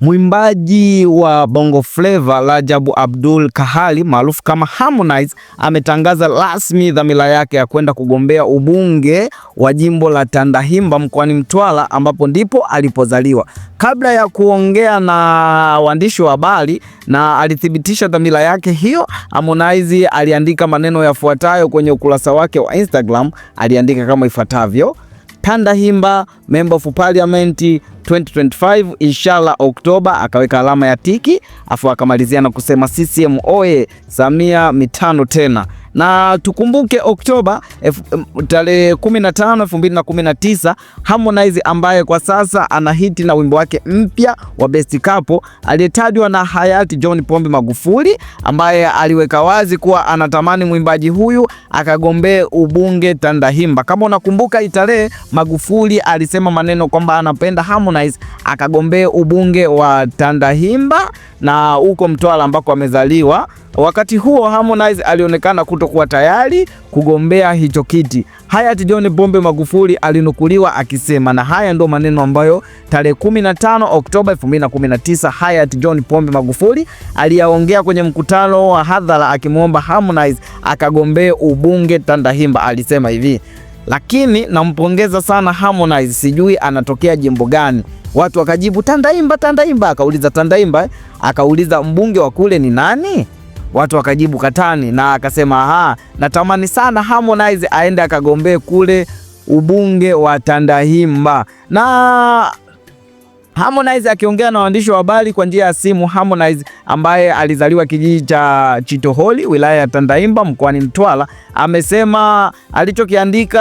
Mwimbaji wa Bongo Flava Rajabu Abdul Kahali maarufu kama Harmonize ametangaza rasmi dhamira yake ya kwenda kugombea ubunge wa jimbo la Tandahimba mkoani Mtwara ambapo ndipo alipozaliwa. Kabla ya kuongea na waandishi wa habari na alithibitisha dhamira yake hiyo, Harmonize aliandika maneno yafuatayo kwenye ukurasa wake wa Instagram. Aliandika kama ifuatavyo: himba member of parliament 2025 inshallah Oktoba, akaweka alama ya tiki, afu akamalizia na kusema CCM oye, Samia mitano tena na tukumbuke Oktoba eh, tarehe 15, 2019 Harmonize ambaye kwa sasa ana hiti na wimbo wake mpya wa Best Couple aliyetajwa na hayati John Pombe Magufuli ambaye aliweka wazi kuwa anatamani mwimbaji huyu akagombee ubunge Tandahimba. Kama unakumbuka itarehe, Magufuli alisema maneno kwamba anapenda Harmonize akagombee ubunge wa Tandahimba na huko Mtwara ambako amezaliwa. Wakati huo Harmonize alionekana kutokuwa tayari kugombea hicho kiti. Hayati John Pombe Magufuli alinukuliwa akisema, na haya ndo maneno ambayo tarehe 15 Oktoba 2019 hayati John Pombe Magufuli aliyaongea kwenye mkutano wa hadhara akimwomba Harmonize akagombee ubunge Tandahimba. Alisema hivi: lakini nampongeza sana Harmonize, sijui anatokea jimbo gani. Watu wakajibu Tandaimba, Tandaimba. Akauliza Tandaimba, eh? akauliza mbunge wa kule ni nani? Watu wakajibu Katani, na akasema aha, natamani sana Harmonize aende akagombee kule ubunge wa Tandahimba na Harmonize akiongea na waandishi wa habari kwa njia ya simu, Harmonize ambaye alizaliwa kijiji cha Chitoholi wilaya ya Tandaimba mkoani Mtwara, amesema alichokiandika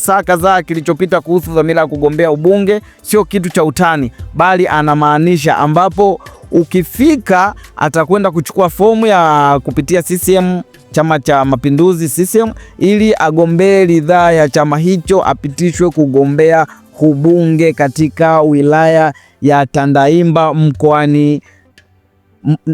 saa kadhaa kilichopita kuhusu dhamira ya kugombea ubunge sio kitu cha utani, bali anamaanisha ambapo ukifika atakwenda kuchukua fomu ya kupitia CCM Chama cha Mapinduzi CCM ili agombee ridhaa ya chama hicho apitishwe kugombea ubunge katika wilaya ya Tandaimba mkoani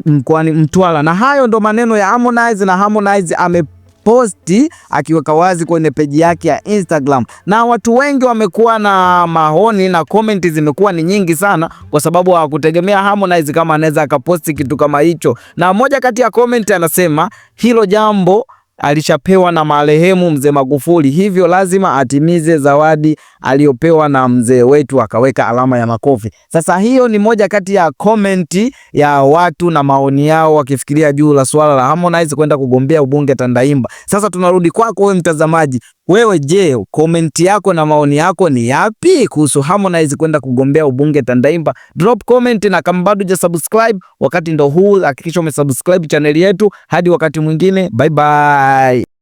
mkoani Mtwara. Na hayo ndo maneno ya Harmonize, na Harmonize ameposti akiweka wazi kwenye peji yake ya Instagram, na watu wengi wamekuwa na maoni na komenti zimekuwa ni nyingi sana, kwa sababu hawakutegemea Harmonize kama anaweza akaposti kitu kama hicho, na moja kati ya komenti anasema hilo jambo alichapewa na marehemu mzee Magufuli, hivyo lazima atimize zawadi aliyopewa na mzee wetu, akaweka alama ya makofi. Sasa hiyo ni moja kati ya komenti ya watu na maoni yao wakifikiria juu la swala la Harmonize kwenda kugombea ubunge Tandaimba. Sasa tunarudi kwako wewe mtazamaji, wewe je, komenti yako na maoni yako ni yapi kuhusu Harmonize kwenda kugombea ubunge Tandaimba? Drop comment, na kama bado subscribe wakati ndo huu, hakikisha umesubscribe chaneli yetu. Hadi wakati mwingine, bye bye.